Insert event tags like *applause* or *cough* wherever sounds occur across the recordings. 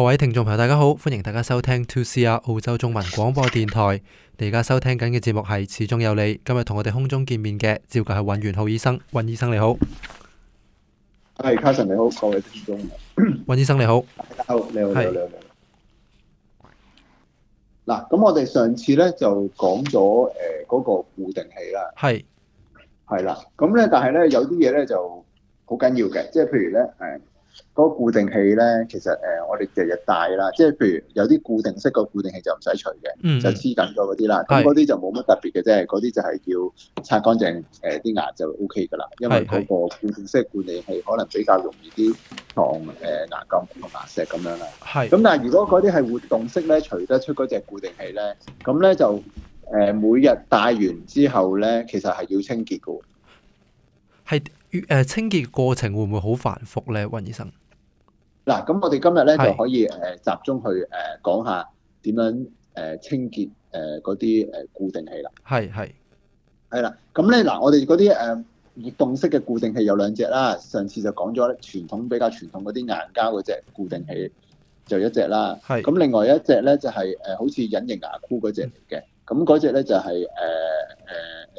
各位聽眾朋友，大家好，歡迎大家收聽 To See 啊，澳洲中文廣播電台。你而家收聽緊嘅節目係《齒中有理》。今日同我哋空中見面嘅，照舊係尹元晧醫生。尹醫生你好，係卡神你好，各位聽眾。尹醫生你好，你好你好，係兩位。嗱，咁我哋上次呢就講咗誒嗰個固定器啦，係係啦。咁呢，但係呢有啲嘢呢就好緊要嘅，即係譬如呢，誒。嗰個固定器咧，其實誒，我哋日日戴啦，即係譬如有啲固定式個固定器就唔使除嘅，嗯、就黐緊咗嗰啲啦。咁嗰啲就冇乜特別嘅啫，嗰啲是就係要擦乾淨誒啲牙就 O K 噶啦。因為嗰個固定式固定器可能比較容易啲藏誒牙垢同牙石咁樣啦。係咁是，但係如果嗰啲係活動式咧，除得出嗰隻固定器咧，咁咧就誒每日戴完之後咧，其實係要清潔嘅。係誒清潔過程會唔會好繁複咧，尹醫生？嗱，咁我哋今日咧就可以誒集中去誒講下點樣誒清潔誒嗰啲誒固定器啦。係係係啦。咁咧嗱，我哋嗰啲誒液動式嘅固定器有兩隻啦。上次就講咗咧，傳統比較傳統嗰啲硬膠嗰隻固定器就一隻啦。係。咁另外一隻咧就係誒好似隱形牙箍嗰隻嚟嘅。咁嗰隻咧就係誒誒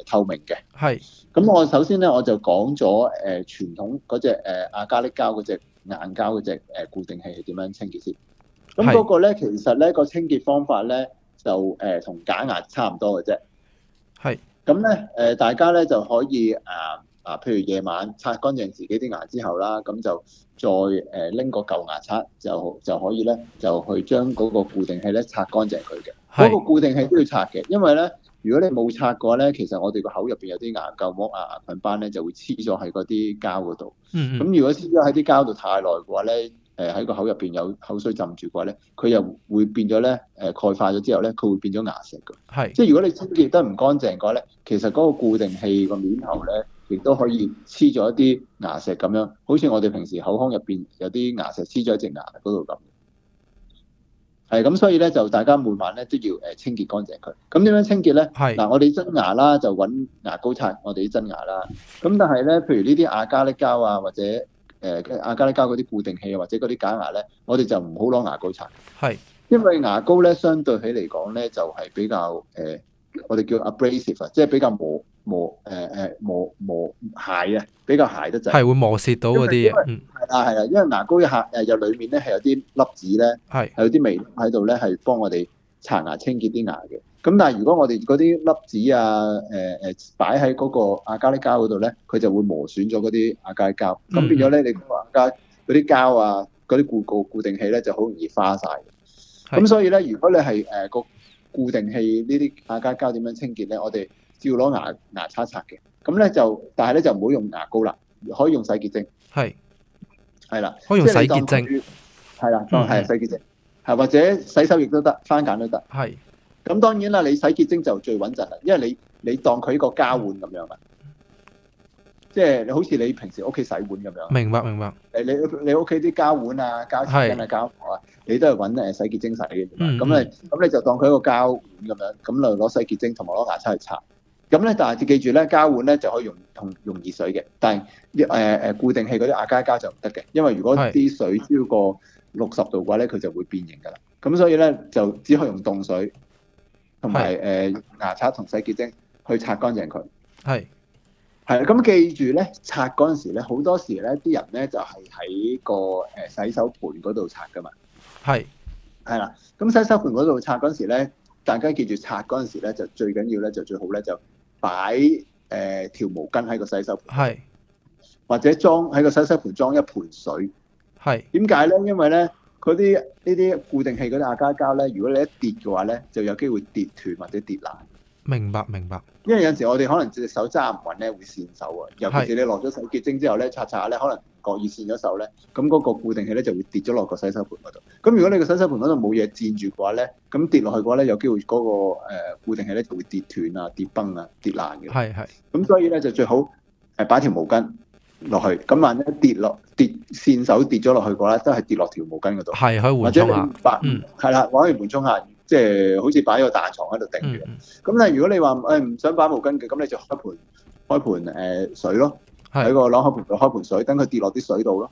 透明嘅。係。咁我首先咧我就講咗誒傳統嗰隻誒阿加力膠的膠嗰隻。硬膠嗰隻誒固定器係點樣清潔先？咁嗰個咧，其實咧個清潔方法咧就誒同假牙差唔多嘅啫。係是。咁咧誒，大家咧就可以誒啊，譬如夜晚擦乾淨自己啲牙之後啦，咁就再誒拎個舊牙刷就就可以咧就去將嗰個固定器咧擦乾淨佢嘅。嗰、那個固定器都要擦嘅，因為咧。如果你冇刷嘅話咧，其實我哋個口入面有啲牙垢膜、牙菌斑咧，就會黐咗喺嗰啲膠嗰度。咁、嗯嗯、如果黐咗喺啲膠度太耐嘅話咧，喺、呃、個口入面有口水浸住嘅話咧，佢又會變咗咧，誒、呃，鈣化咗之後咧，佢會變咗牙石㗎。是即係如果你清潔得唔乾淨嘅話咧，其實嗰個固定器個面頭咧，亦都可以黐咗一啲牙石咁樣，好似我哋平時口腔入面有啲牙石黐咗喺隻牙嗰度度。係咁，所以咧就大家每晚咧都要誒清潔乾淨佢。咁點樣清潔咧？係嗱是，我哋真牙啦，就揾牙膏刷我哋啲真牙啦。咁但係咧，譬如呢啲亞加力膠啊，或者誒、呃、亞加力膠嗰啲固定器啊，或者嗰啲假牙咧，我哋就唔好攞牙膏刷。係是，因為牙膏咧，相對起嚟講咧，就係、是、比較誒。呃我哋叫 abrasive 啊，即係比較磨磨誒誒磨磨鞋啊，比較鞋得滯，係會磨蝕到嗰啲嘢。係啊係啊，因為牙膏嘅客誒入裏面咧係有啲粒子咧，係係有啲微粒喺度咧，係幫我哋刷牙清潔啲牙嘅。咁但係如果我哋嗰啲粒子啊誒誒擺喺嗰個阿膠粒膠嗰度咧，佢就會磨損咗嗰啲阿膠粒膠，咁變咗咧你嗰阿膠嗰啲膠啊嗰啲固固固定器咧就好容易花晒。咁所以咧，如果你係誒個。固定器呢啲阿階膠點樣清潔咧？我哋照攞牙牙刷刷嘅，咁咧就，但係咧就唔好用牙膏啦，可以用洗潔精，係是，係啦的，可以用洗潔精，係啦，當係洗潔精，係的或者洗手液都得，翻鹼都得，係的。咁當然啦，你洗潔精就最穩陣啦，因為你你當佢一個膠碗咁樣啦。的即係你好似你平時屋企洗碗咁樣，明，明白明白。誒你你屋企啲膠碗啊、膠匙羹啊、是膠啊，你都係揾洗潔精洗嘅。咁咧、嗯嗯，咁你就當佢一個膠碗咁樣，咁就攞洗潔精同埋攞牙刷去擦。咁咧，但係記住咧，膠碗咧就可以用同用熱水嘅。但係誒誒固定器嗰啲牙膠膠就唔得嘅，因為如果啲水超過六十度嘅話咧，佢是就會變形㗎啦。咁所以咧就只可以用凍水，同埋誒牙刷同洗潔精去擦乾淨佢。係。咁記住咧，拆嗰陣時咧，好多時咧，啲人咧就係喺個洗手盤嗰度拆噶嘛。係是，係啦，咁洗手盤嗰度拆嗰陣時咧，大家記住拆嗰時咧，就最緊要咧，就最好咧，就擺條、呃、毛巾喺個洗手盤，是或者裝喺個洗手盤裝一盆水。係是。點解咧？因為咧，嗰啲呢啲固定器嗰啲阿膠膠咧，如果你一跌嘅話咧，就有機會跌斷或者跌爛。明白明白，明白因為有陣時我哋可能隻手揸唔穩咧，會跣手啊。尤其是你落咗洗潔精之後咧，刷刷咧，可能唔覺意跣咗手咧，咁嗰個固定器咧就會跌咗落個洗手盤嗰度。咁如果你個洗手盤嗰度冇嘢墊住嘅話咧，咁跌落去嘅話咧，有機會嗰個固定器咧就會跌斷啊、跌崩啊、跌爛嘅。係係。咁所以咧就最好誒擺條毛巾落去，咁萬一跌落跌跣手跌咗落去嘅話咧，都係跌落條毛巾嗰度。係可以緩衝下。或者五百，嗯，係啦，可以緩衝下。即係好似擺個大床喺度定住，咁但係如果你話誒唔想擺毛巾嘅，咁你就開盤開盤誒水咯，喺個攞口盤度開盤水，等佢跌落啲水度咯，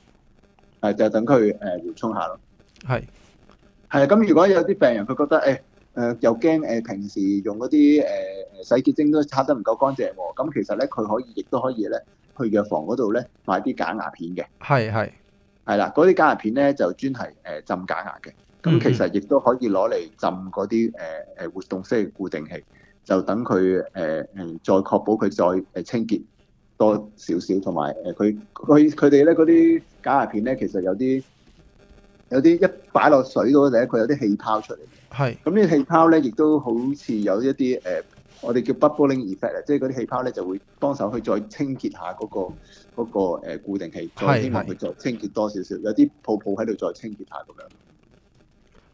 係就等佢誒沖下咯。係係啊，咁如果有啲病人佢覺得誒誒、欸呃、又驚誒、呃、平時用嗰啲誒洗潔精都擦得唔夠乾淨喎，咁其實咧佢可以亦都可以咧去藥房嗰度咧買啲假牙片嘅。係係係啦，嗰啲假牙片咧就專係誒、呃、浸假牙嘅。咁其實亦都可以攞嚟浸嗰啲誒誒活動式嘅固定器，就等佢誒誒再確保佢再誒清潔多少少，同埋誒佢佢佢哋咧嗰啲假牙片咧，其實有啲有啲一擺落水度咧，佢有啲氣泡出嚟。係是。咁呢啲氣泡咧，亦都好似有一啲誒、呃，我哋叫 bubbling effect 即係嗰啲氣泡咧就會幫手去再清潔下嗰、嗰個嗰、嗰個固定器，再希望佢再清潔多少少，有啲泡泡喺度再清潔下咁樣。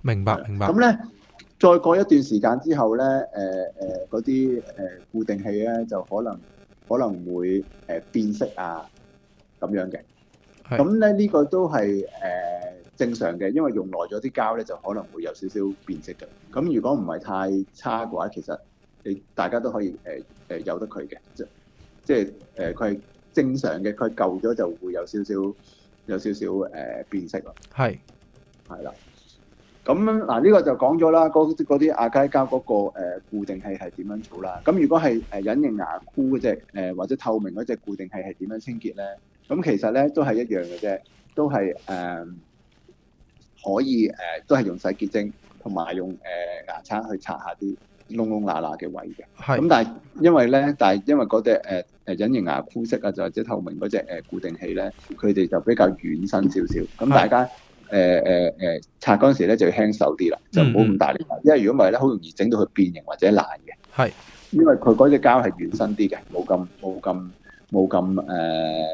明白，明白。咁咧、嗯，再過一段時間之後咧，誒誒嗰啲誒固定器咧，就可能可能會誒變色啊，咁樣嘅。咁咧是呢、呢個都係誒、呃、正常嘅，因為用耐咗啲膠咧，就可能會有少少變色嘅。咁如果唔係太差嘅話，其實你大家都可以誒誒由得佢嘅，即即係誒佢係正常嘅，佢舊咗就會有少少有少少誒、呃、變色咯。係是，係啦。咁嗱，呢個就講咗啦，嗰啲阿加力膠嗰個固定器係點樣做啦？咁如果係誒隱形牙箍嗰隻或者透明嗰隻固定器係點樣清潔咧？咁其實咧都係一樣嘅啫，都係可以都係用洗潔精同埋用牙刷去擦下啲窿窿罅罅嘅位嘅。係咁，但係因為咧，但係因為嗰隻誒隱形牙箍式啊，或者透明嗰隻固定器咧，佢哋、呃、就比較軟身少少。咁大家。誒誒誒擦嗰陣時咧就要輕手啲啦，就唔好咁大力，嗯、因為如果唔係咧，好容易整到佢變形或者爛嘅。係是，因為佢嗰隻膠係軟身啲嘅，冇咁冇咁冇咁誒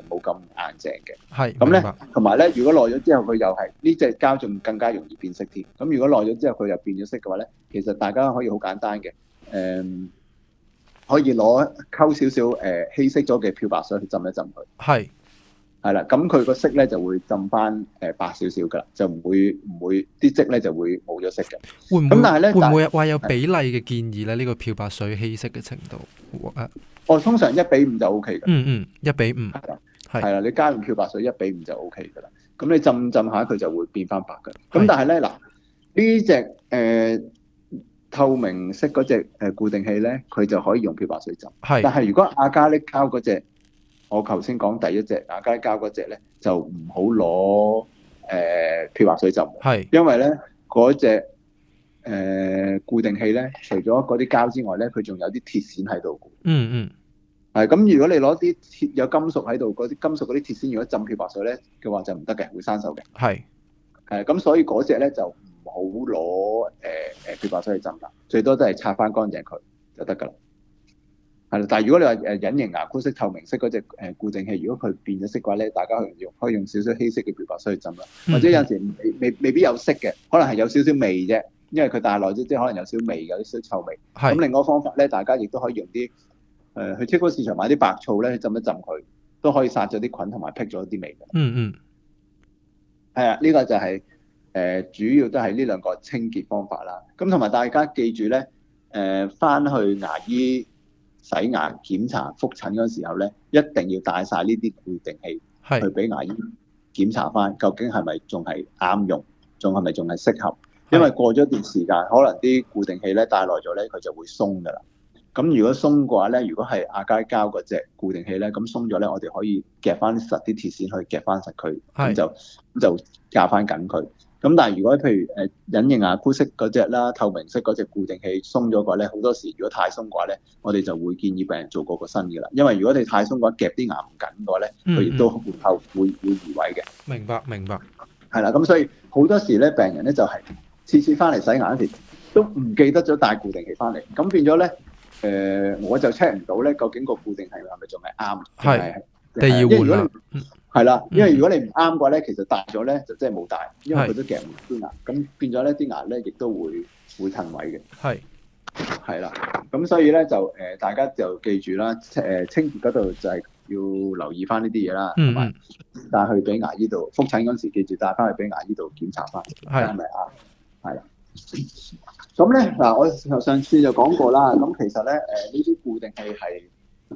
冇咁硬淨嘅。係是，咁咧同埋咧，如果耐咗之後佢又係呢隻膠仲更加容易變色添。咁如果耐咗之後佢又變咗色嘅話咧，其實大家可以好簡單嘅，誒、呃、可以攞溝少少誒稀釋咗嘅漂白水去浸一浸佢。係。係啦，咁佢個色咧就會浸翻誒白少少噶啦，就唔會唔會啲漬咧就會冇咗色嘅。咁但係咧，會唔會話有比例嘅建議咧？呢的個漂白水稀釋嘅程度？誒、哦，我通常一比五就 O K 噶。嗯嗯，一比五係啦，係啦，你加用漂白水一比五就 O K 噶啦。咁你浸浸下佢就會變翻白噶。咁的但係咧嗱，呢隻誒透明色嗰隻誒固定器咧，佢就可以用漂白水浸。係的。但係如果亞加力膠嗰隻？我頭先講第一隻打街膠嗰隻咧，就唔好攞誒漂白水浸，係是因為咧嗰隻誒固定器咧，除咗嗰啲膠之外咧，佢仲有啲鐵線喺度。嗯嗯，係咁，如果你攞啲鐵有金屬喺度，嗰啲金屬嗰啲鐵線，如果浸漂白水咧，嘅話就唔得嘅，會生鏽嘅。係誒是，咁、呃、所以嗰隻咧就唔好攞誒誒漂白水去浸啦，最多都係擦翻乾淨佢就得㗎啦。但係如果你話誒隱形牙箍式透明式嗰隻誒固定器，如果佢變咗色嘅話咧，大家可用可以用少少稀釋嘅漂白水去浸啦，或者有時候未未未必有色嘅，可能係有少少味啫，因為佢戴耐咗啲，即可能有少少味，有少少臭味。咁是另外一個方法咧，大家亦都可以用啲誒、呃、去超級市場買啲白醋咧，去浸一浸佢，都可以殺咗啲菌同埋辟咗啲味嘅。嗯嗯，係啊，呢、這個就係、是、誒、呃、主要都係呢兩個清潔方法啦。咁同埋大家記住咧，誒、呃、翻去牙醫。洗牙檢查覆診嗰時候咧，一定要帶晒呢啲固定器去俾牙醫檢查翻，是究竟係咪仲係啱用，仲係咪仲係適合？是因為過咗一段時間，可能啲固定器咧帶耐咗咧，佢就會鬆噶啦。咁如果鬆嘅話咧，如果係阿佳膠嗰隻固定器咧，咁鬆咗咧，我哋可以夾翻實啲鐵線去夾翻實佢，咁就是就夾翻緊佢。咁但係如果譬如誒隱形牙箍式嗰隻啦，透明式嗰隻固定器鬆咗嘅話咧，好多時如果太鬆嘅話咧，我哋就會建議病人做過個新嘅啦。因為如果你太鬆嘅話，話，夾啲牙唔緊嘅話咧，佢亦都後後會會移位嘅。明白明白，係啦。咁所以好多時咧，病人咧就係次次翻嚟洗牙嗰時都唔記得咗帶固定器翻嚟，咁變咗咧誒，我就 check 唔到咧，究竟個固定器係咪仲係啱。係。第二換、啊，係、嗯、啦，因為如果你唔啱嘅話咧，其實大咗咧就真係冇大，因為佢都夾唔住啲牙，咁變咗咧啲牙咧亦都會會褪位嘅。係，係啦，咁所以咧就誒、呃、大家就記住啦，誒、呃、清潔嗰度就係要留意翻呢啲嘢啦，嗯，帶去俾牙醫度復診嗰時，記住帶翻去俾牙醫度檢查翻，係咪啊？係。咁咧嗱，我上次就講過啦，咁其實咧誒呢啲、呃、固定器係。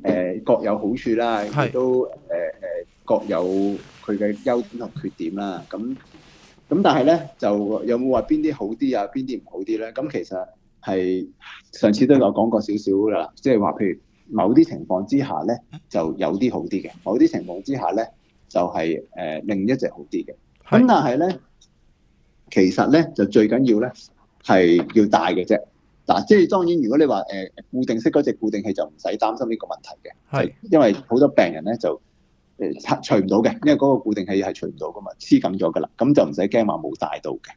誒各有好處啦，都誒誒各有佢嘅優點同缺點啦。咁咁但係咧，就有冇話邊啲好啲啊？邊啲唔好啲咧？咁其實係上次都有講過少少啦，即係話譬如某啲情況之下咧，就有啲好啲嘅；某啲情況之下咧，就係誒另一隻好啲嘅。咁但係咧，其實咧就最緊要咧係要大嘅啫。嗱，即係當然，如果你話誒固定式嗰隻固定器就唔使擔心呢個問題嘅，係是因為好多病人咧就誒拆除唔到嘅，因為嗰個固定器係除唔到㗎嘛，黐緊咗㗎喇，咁就唔使驚話冇帶到嘅。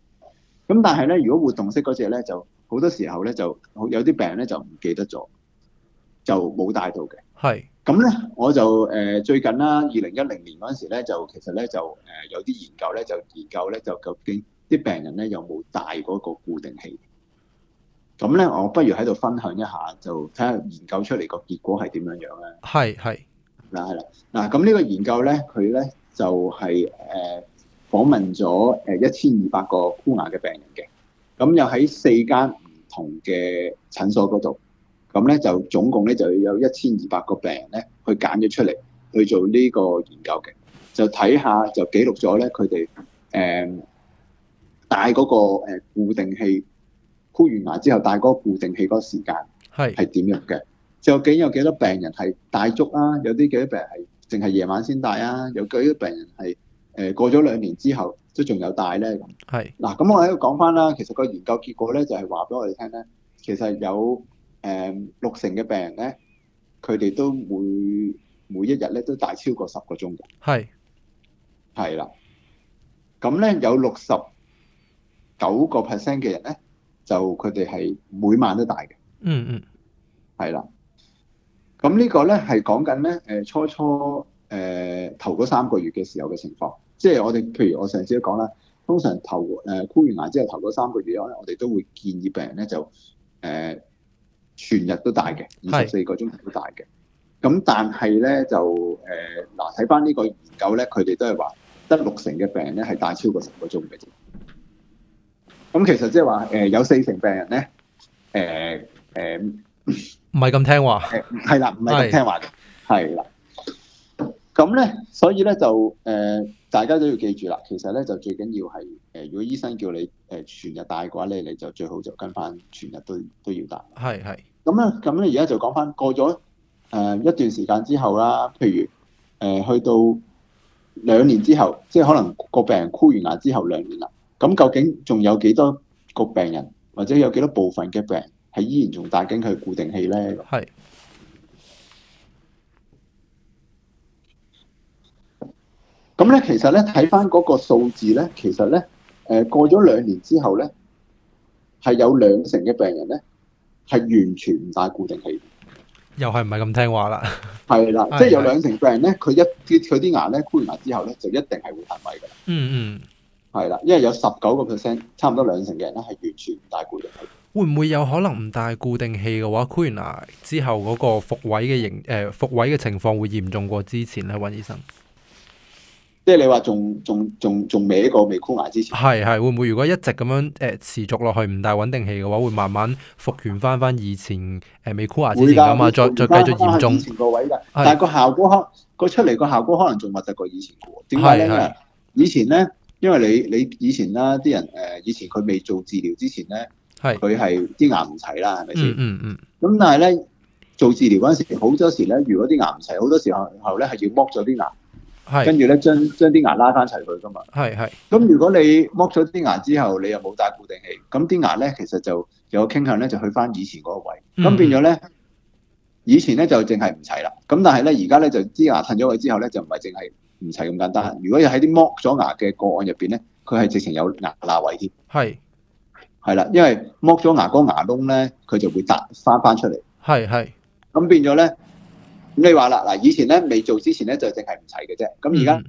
咁但係咧，如果活動式嗰隻咧，就好多時候咧，就有啲病人咧就唔記得咗，就冇帶到嘅。係是，咁咧我就誒、呃、最近啦，二零一零年嗰陣時咧，就其實咧就誒有啲研究咧就研究咧就究竟啲病人咧有冇帶嗰個固定器？咁咧，我不如喺度分享一下，就睇下研究出嚟個結果係點樣樣咧。係係嗱係啦，嗱咁呢個研究咧，佢咧就係誒訪問咗誒一千二百個箍牙嘅病人嘅，咁又喺四間唔同嘅診所嗰度，咁咧就總共咧就有一千二百個病人咧去揀咗出嚟去做呢個研究嘅，就睇下就記錄咗咧佢哋誒戴嗰個誒固定器。箍完牙之後戴嗰個固定器嗰個時間係係點樣嘅？究竟是是 有幾多病人係戴足啦？有啲幾多病人係淨係夜晚先戴啊？有幾多病人係誒、啊、過咗兩年之後都仲有戴咧？咁係嗱，咁我喺度講翻啦。其實個研究結果咧，就係話俾我哋聽咧，其實有誒、呃、六成嘅病人咧，佢哋都每每一日咧都戴超過十個鐘嘅。係係啦，咁咧有六十九個 percent 嘅人咧。就佢哋係每晚都戴嘅。嗯嗯，係啦。咁呢個咧係講緊咧，誒初初誒、呃、頭嗰三個月嘅時候嘅情況。即係我哋譬如我上次都講啦，通常頭誒箍、呃、完牙之後頭嗰三個月咧，我哋都會建議病人咧就誒、呃、全日都戴嘅，二十四個鐘頭都戴嘅。咁是但係咧就誒嗱睇翻呢個研究咧，佢哋都係話得六成嘅病人咧係戴超過十個鐘嘅啫。咁、嗯、其實即係話，誒、呃、有四成病人咧，誒誒唔係咁聽話，誒係啦，唔係咁聽話嘅，係啦。咁咧，所以咧就誒、呃，大家都要記住啦。其實咧就最緊要係，誒、呃、如果醫生叫你誒、呃、全日戴嘅話，咧你就最好就跟翻全日都都要戴。係係是的。咁咧，咁咧而家就講翻過咗誒、呃、一段時間之後啦，譬如誒、呃、去到兩年之後，即係可能個病人箍完牙之後兩年啦。咁究竟仲有幾多個病人，或者有幾多部分嘅病人係依然仲戴緊佢固定器咧？係。咁咧，其實咧睇翻嗰個數字咧，其實咧，誒過咗兩年之後咧，係有兩成嘅病人咧係完全唔戴固定器，又係唔係咁聽話啦？係啦，即係有兩成病人咧，佢一揭佢啲牙咧，箍完牙之後咧，就一定係會彈位噶啦。嗯嗯。係啦，因為有十九個 percent，差唔多兩成嘅人咧，係完全唔戴固定器。會唔會有可能唔戴固定器嘅話，箍牙之後嗰個復位嘅形誒呃、復位嘅情況會嚴重過之前咧？尹醫生，即係你話仲仲仲仲未呢個未箍牙之前，係係會唔會如果一直咁樣誒、呃、持續落去唔戴穩定器嘅話，會慢慢復原翻翻以前誒未箍牙之前咁啊？呃、的再的再繼續嚴重的，前個位但係個效果可個的出嚟個效果可能仲核突過以前嘅，點解的的以前咧。因為你你以前啦，啲人誒以前佢未做治療之前咧，佢係啲牙唔齊啦，係咪先？嗯嗯咁但係咧做治療嗰陣時，好多時咧，如果啲牙唔齊，好多時候呢咧係要剝咗啲牙，係跟住咧將將啲牙拉翻齊佢噶嘛。係係。咁如果你剝咗啲牙之後，你又冇戴固定器，咁啲牙咧其實就有傾向咧，就去翻以前嗰個位，咁變咗咧、嗯、以前咧就淨係唔齊啦。咁但係咧而家咧就支牙褪咗位之後咧就唔係淨係唔齊咁簡單。如果你喺啲剝咗牙嘅個案入邊咧，佢係直情有牙罅位添。係係啦，因為剝咗牙嗰牙窿咧，佢就會凸翻翻出嚟。係係是。咁變咗咧，咁你話啦，嗱，以前咧未做之前咧就淨係唔齊嘅啫。咁而家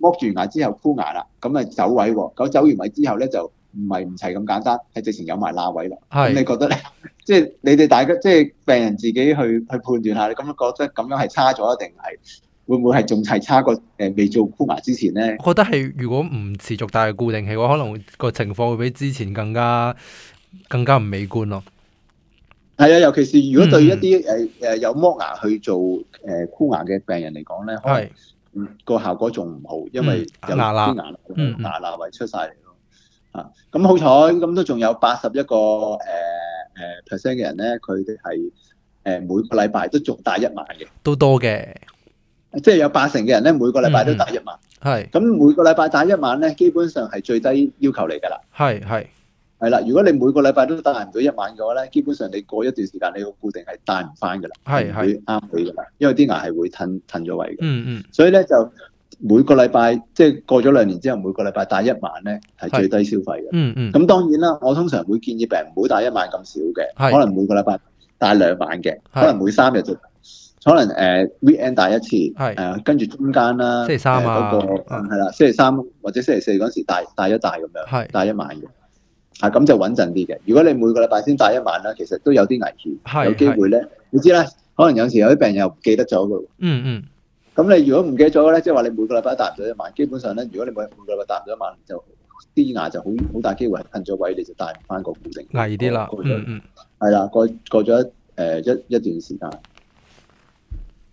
剝住牙之後箍牙啦，咁咪走位喎。咁走完位之後咧就唔係唔齊咁簡單，係直情有埋罅位啦。係是。你覺得咧？即係的 *laughs* 你哋大家即係病人自己去去判斷下，你咁樣覺得咁樣係差咗定係？會唔會係仲係差過誒未做箍牙之前咧？我覺得係如果唔持續戴固定器，我可能個情況會比之前更加更加唔美觀咯。係啊，尤其是如果對一啲誒誒有剝牙去做誒箍牙嘅病人嚟講咧，係個效果仲唔好，因為有剝牙，嗯，牙罅位出晒嚟咯。啊，咁好彩，咁都仲有八十一個誒誒 percent 嘅人咧，佢哋係誒每個禮拜都仲戴一晚嘅，都多嘅。即係有八成嘅人咧，每個禮拜都戴一晚。係、嗯。咁每個禮拜戴一晚咧，基本上係最低要求嚟㗎啦。係係係啦。如果你每個禮拜都戴唔到一晚嘅話咧，基本上你過一段時間，你個固定係戴唔翻㗎啦。係係啱你㗎啦，因為啲牙係會褪褪咗位㗎、嗯。嗯嗯。所以咧就每個禮拜，即、就、係、是、過咗兩年之後，每個禮拜戴一晚咧係最低消費嘅。嗯嗯。咁當然啦，我通常會建議病人唔好戴一晚咁少嘅，是可能每個禮拜戴兩晚嘅，是可能每三日就。可能誒 V N 大一次，係啊，跟住中間啦，星期三啊，係啦，星期三或者星期四嗰時帶帶一帶咁樣，係帶一晚，啊咁就穩陣啲嘅。如果你每個禮拜先帶一晚啦，其實都有啲危險，有機會咧。你知啦，可能有時有啲病人又唔記得咗嘅，嗯嗯。咁你如果唔記得咗咧，即係話你每個禮拜都達唔到一晚，基本上咧，如果你冇每個禮拜達唔到一晚，就啲牙就好好大機會係噴咗位，你就帶唔返個固定，危啲啦。嗯嗯，係啦，過過咗一誒一一段時間。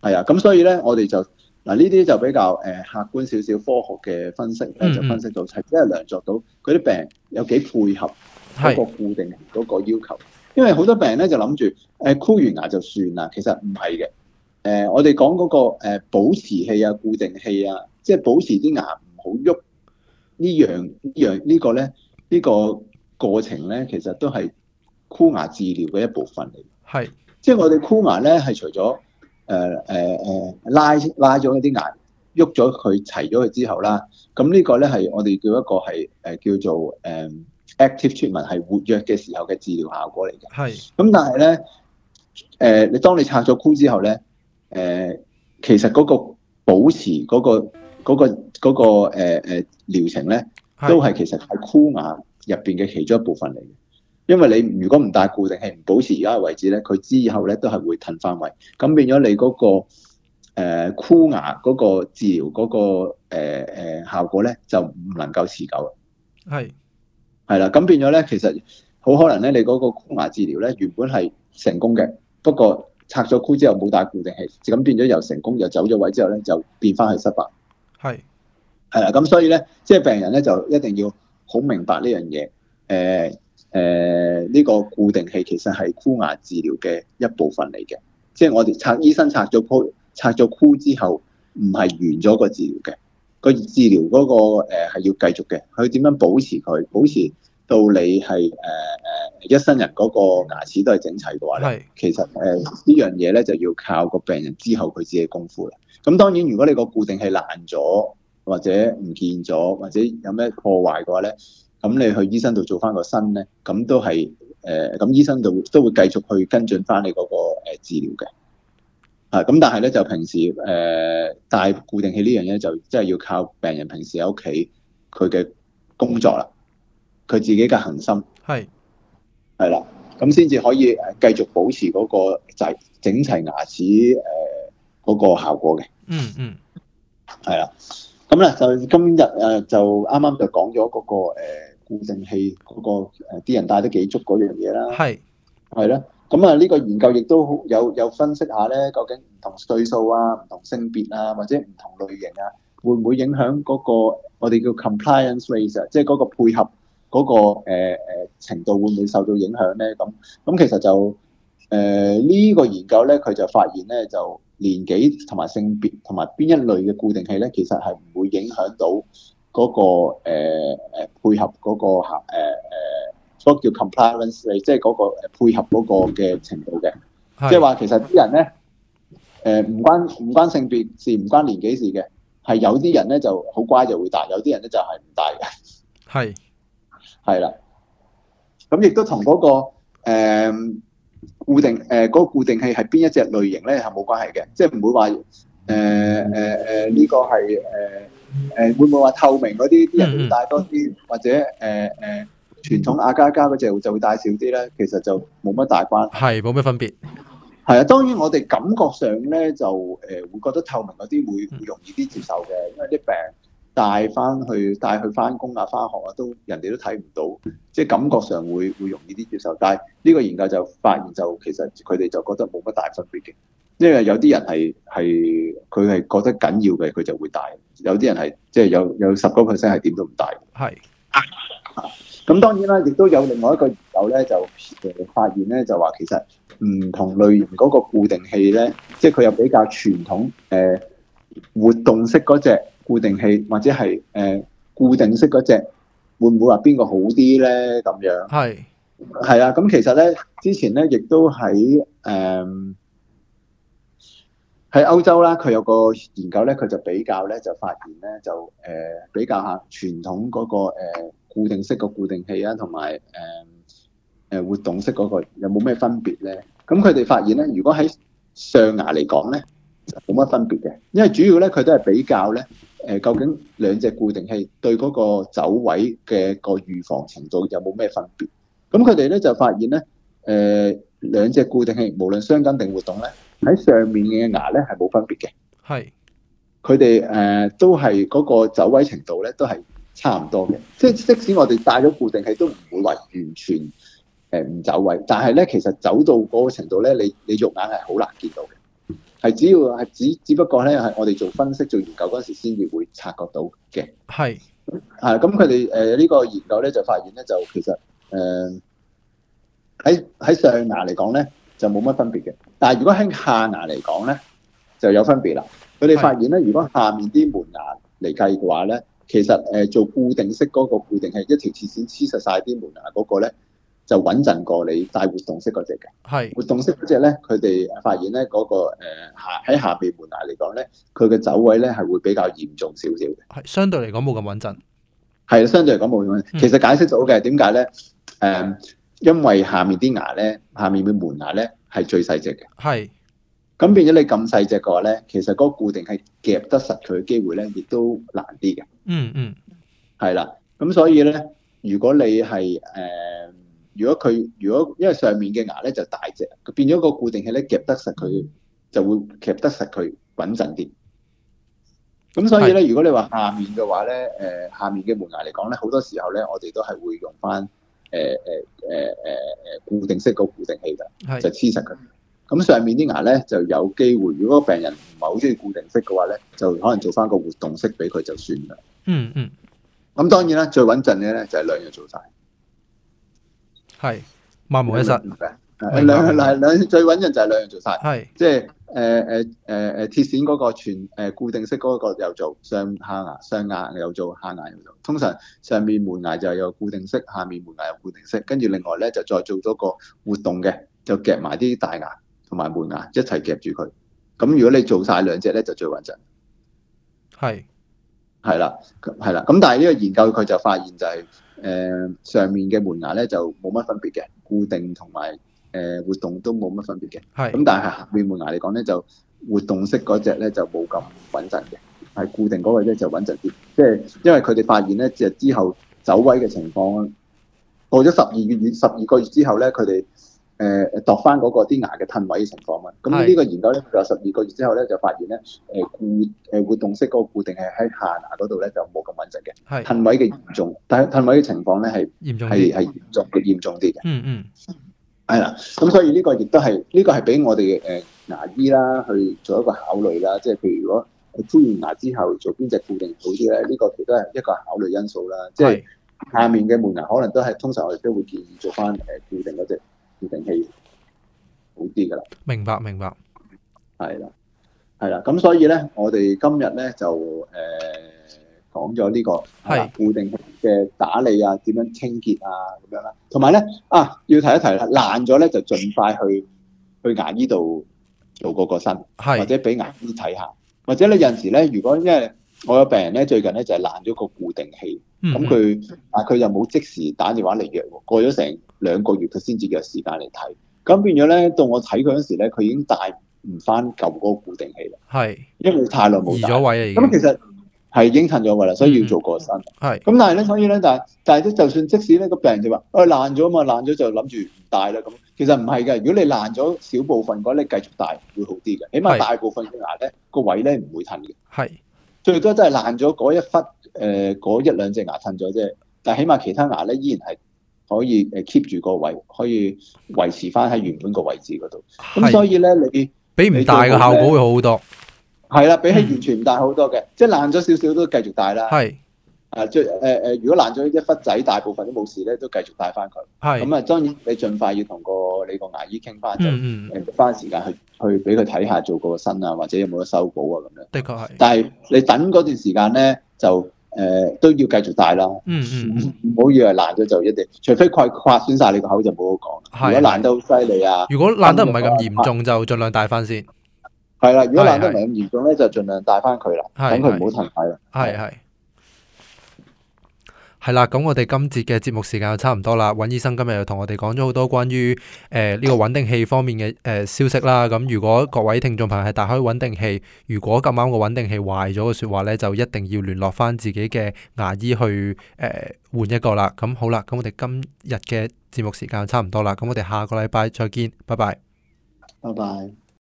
係啊，咁所以咧，我哋就嗱呢啲就比較誒、呃、客觀少少、科學嘅分析咧、呃，就分析到係邊一兩作到佢啲病有幾配合嗰個固定嗰個要求。Mm hmm. 嗯、因為好多病人咧就諗住誒箍完牙就算啦，其實唔係嘅。誒、呃，我哋講嗰個、呃、保持器啊、固定器啊，即、就、係、是、保持啲牙唔好喐。這樣這樣這個、呢樣呢樣呢個咧，呢、這個過程咧，其實都係箍牙治療嘅一部分嚟。係是，即係我哋箍牙咧係除咗。誒誒、呃、拉拉咗一啲牙，喐咗佢齊咗佢之後啦，咁呢個咧係我哋叫一個係、呃、叫做誒、呃、active treatment 係活躍嘅時候嘅治療效果嚟嘅。係是。咁但係咧，誒、呃、你當你拆咗箍之後咧，誒、呃、其實嗰個保持嗰、嗰個嗰、嗰個嗰、嗰個、嗰個呃、療程咧，都係其實喺箍牙入面嘅其中一部分嚟嘅。因為你如果唔戴固定器，唔保持而家嘅位置咧，佢之後咧都係會褪翻位，咁變咗你嗰、嗰個箍、呃、牙嗰個治療嗰、嗰個誒、呃、效果咧就唔能夠持久啦。係是，係啦，咁變咗咧，其實好可能咧，你嗰個箍牙治療咧原本係成功嘅，不過拆咗箍之後冇戴固定器，咁變咗又成功又走咗位之後咧，就變翻係失敗。係是，係啦，咁所以咧，即、就、係、是、病人咧就一定要好明白呢樣嘢，誒、呃。誒呢、呃這個固定器其實係箍牙治療嘅一部分嚟嘅，即係我哋拆醫生拆咗箍、拆咗箍之後，唔係完咗個治療嘅，個治療嗰、那個誒係、呃、要繼續嘅。佢點樣保持佢，保持到你係誒誒一生人嗰個牙齒都係整齊嘅話咧，是的 其實誒、呃、呢樣嘢咧就要靠個病人之後佢自己功夫啦。咁當然，如果你個固定器爛咗，或者唔見咗，或者有咩破壞嘅話咧。咁你去醫生度做翻個新咧，咁都係誒，咁、呃、醫生度都，都會繼續去跟進翻你嗰、那個、呃、治療嘅，嚇、啊、咁但係咧就平時誒戴、呃、固定器呢樣嘢就真係要靠病人平時喺屋企佢嘅工作啦，佢自己嘅恆心係係啦，咁先至可以誒繼續保持嗰個整齊牙齒誒嗰、呃那個效果嘅。嗯嗯，係啦，咁啦就今日、呃、就啱啱就講咗嗰個、呃固定器嗰、那個啲人戴得幾足嗰樣嘢啦，係係啦，咁啊呢個研究亦都有有分析下咧，究竟唔同歲數啊、唔同性別啊或者唔同類型啊，會唔會影響嗰、那個我哋叫 compliance rate 即係嗰個配合嗰、那個誒、呃、程度會唔會受到影響咧？咁咁其實就誒呢、呃這個研究咧，佢就發現咧，就年紀同埋性別同埋邊一類嘅固定器咧，其實係唔會影響到。嗰、那個誒、呃、配合嗰、那個嚇誒所謂叫 compliance，即係嗰個配合嗰個嘅程度嘅。即係話其實啲人咧，誒、呃、唔關唔關性別事，唔關年紀事嘅，係有啲人咧就好乖就會大，有啲人咧就係唔大嘅。係係啦，咁亦都同嗰個固定嗰個固定器係邊一隻類型咧係冇關係嘅，即係唔會話誒誒呢個係誒、呃、會唔會話透明嗰啲啲人會帶多啲，嗯、或者誒誒、呃呃、傳統阿加加嗰隻就會帶少啲咧？其實就冇乜大關係，係冇咩分別。係啊，當然我哋感覺上咧就誒、呃、會覺得透明嗰啲會、會容易啲接受嘅，因為啲病帶翻去帶去翻工啊、翻學啊都人哋都睇唔到，即係感覺上會會容易啲接受。但係呢個研究就發現就其實佢哋就覺得冇乜大分別嘅。因為有啲人係係佢係覺得緊要嘅，佢就會戴；有啲人係即係有有十個 percent 係點都唔戴的。係是。咁、啊、當然啦，亦都有另外一個研究咧，就誒、呃、發現咧，就話其實唔同類型嗰個固定器咧，即係佢又比較傳統誒、呃、活動式嗰隻固定器，或者係誒、呃、固定式嗰隻，會唔會話邊個好啲咧？咁樣係係是啊！咁其實咧，之前咧亦都喺誒。呃喺歐洲啦，佢有個研究咧，佢就比較咧，就發現咧，就誒比較下傳統嗰個誒固定式個固定器啊，同埋誒誒活動式嗰個有冇咩分別咧？咁佢哋發現咧，如果喺上牙嚟講咧，就冇乜分別嘅，因為主要咧佢都係比較咧誒，究竟兩隻固定器對嗰個走位嘅個預防程度有冇咩分別？咁佢哋咧就發現咧，誒兩隻固定器無論雙根定活動咧。喺上面嘅牙咧，係冇分別嘅。係是，佢哋誒都係嗰個走位程度咧，都係差唔多嘅。即係即使我哋戴咗固定器，都唔會話完全誒唔、呃、走位。但係咧，其實走到嗰個程度咧，你你肉眼係好難見到嘅。係，只要係只，只不過咧，係我哋做分析、做研究嗰時先至會察覺到嘅。係是，係咁、啊，佢哋誒呢個研究咧就發現咧，就其實誒喺喺上牙嚟講咧，就冇乜分別嘅，但係如果喺下牙嚟講咧，就有分別啦。佢哋發現咧，如果下面啲門牙嚟計嘅話咧，其實誒做固定式嗰個固定係一條鐵線黐實晒啲門牙嗰個咧，就穩陣過你戴活動式嗰隻嘅。係是活動式嗰隻咧，佢哋發現咧、那、嗰個、呃、下喺下邊門牙嚟講咧，佢嘅走位咧係會比較嚴重少少嘅，係相對嚟講冇咁穩陣。係相對嚟講冇咁穩陣。嗯、其實解釋到嘅點解咧，誒。呃因為下面啲牙咧，下面嘅門牙咧係最細隻嘅。係是。咁變咗你咁細隻嘅話咧，其實嗰個固定器夾得實佢嘅機會咧，亦都難啲嘅。嗯嗯。係啦。咁所以咧，如果你係誒、呃，如果佢如果因為上面嘅牙咧就大隻，變咗個固定器咧夾得實佢就會夾得實佢穩陣啲。咁所以咧，是如果你話下面嘅話咧，誒、呃、下面嘅門牙嚟講咧，好多時候咧，我哋都係會用返。誒誒誒誒誒，固定式個固定器是就就黐實佢，咁上面啲牙咧就有機會。如果病人唔係好中意固定式嘅話咧，就可能做返個活動式俾佢就算啦、嗯。嗯嗯，咁當然啦，最穩陣嘅咧就係兩樣做晒，係萬無一失。兩嗱兩最穩陣就係兩樣做晒，係是即係誒誒誒誒鐵線嗰個全誒、呃、固定式嗰個又做上下牙上下牙又做下牙又做，通常上面門牙就有固定式，下面門牙有固定式，跟住另外咧就再做咗個活動嘅，就夾埋啲大牙同埋門牙一齊夾住佢。咁如果你做晒兩隻咧就最穩陣，係係啦係啦。咁但係呢個研究佢就發現就係、是、誒、呃、上面嘅門牙咧就冇乜分別嘅，固定同埋。誒，活動都冇乜分別嘅，咁是但係下面門牙嚟講咧，就活動式嗰隻咧就冇咁穩陣嘅，係固定嗰個咧就穩陣啲。即係因為佢哋發現咧，即係之後走位嘅情況，到咗十二月月十二個月之後咧，佢哋誒度翻嗰個啲牙嘅褪位嘅情況啊。咁呢是個研究咧，就十二個月之後咧就發現咧，誒固誒活動式嗰個固定係喺下牙嗰度咧就冇咁穩陣嘅，褪是位嘅嚴重，但係褪位嘅情況咧係嚴重啲，係嚴重嘅嚴重啲嘅。嗯嗯。係啦，咁所以呢個亦都係呢個係俾我哋誒牙醫啦去做一個考慮啦，即係譬如如果去箍完牙之後做邊隻固定好啲咧，呢、這個其實都係一個考慮因素啦。是即係下面嘅門牙可能都係通常我哋都會建議做翻誒、呃、固定嗰隻固定器好啲噶啦明。明白明白，係啦係啦，咁所以咧，我哋今日咧就誒。講咗呢、呢個是、啊、固定嘅打理啊，點樣清潔啊咁樣啦。同埋咧啊，要提一提啦，爛咗咧就盡快去去牙醫度做過個新，是或者俾牙醫睇下。或者你有陣時咧，如果因為我有病人咧，最近咧就係爛咗個固定器，咁佢但佢又冇即時打電話嚟約喎，過咗成兩個月佢先至約時間嚟睇。咁變咗咧，到我睇佢嗰時咧，佢已經戴唔翻舊嗰個固定器啦。是因為太耐冇，移咗位咁其實係已經褪咗嘅啦，所以要做過新。係、嗯。咁但係咧，所以咧，但係但係即就算即使呢個病人話，哦、哎、爛咗啊嘛，爛咗就諗住唔戴啦咁。其實唔係嘅，如果你爛咗少部分嗰，你繼續戴會好啲嘅。起碼大部分嘅牙咧，個是位咧唔會褪嘅。係是。最多都係爛咗嗰一忽，誒、呃、嗰一兩隻牙褪咗啫。但係起碼其他牙咧依然係可以誒 keep 住個位，可以維持翻喺原本個位置嗰度。咁是所以咧，你比唔戴嘅效果會好好多。係啦，比起完全唔戴好多嘅，即係爛咗少少都繼續戴啦。係啊，即係誒誒，如果爛咗一忽仔，大部分都冇事咧，都繼續戴翻佢。係咁啊，當然你盡快要同個你個牙醫傾翻，就嗯，誒，花時間去去俾佢睇下做過個新啊，或者有冇得修補啊，咁樣。的確係。但係你等嗰段時間咧，就誒、呃、都要繼續戴啦。嗯嗯，唔好以為爛咗就一定，除非佢刮損晒你個口就冇好講。係。如果爛得好犀利啊！如果爛得唔係咁嚴重，就盡量戴翻先。係啦，如果爛得唔咁嚴重咧，的就儘量戴翻佢啦，等佢唔好停擺啦。係係，係啦，咁我哋今節嘅節目時間就差唔多啦。尹醫生今日又同我哋講咗好多關於誒呢個穩定器方面嘅誒消息啦。咁如果各位聽眾朋友係戴開穩定器，如果咁啱個穩定器壞咗嘅説話咧，就一定要聯絡翻自己嘅牙醫去誒換一個啦。咁好啦，咁我哋今日嘅節目時間就差唔多啦。咁我哋下個禮拜再見，拜拜，拜拜。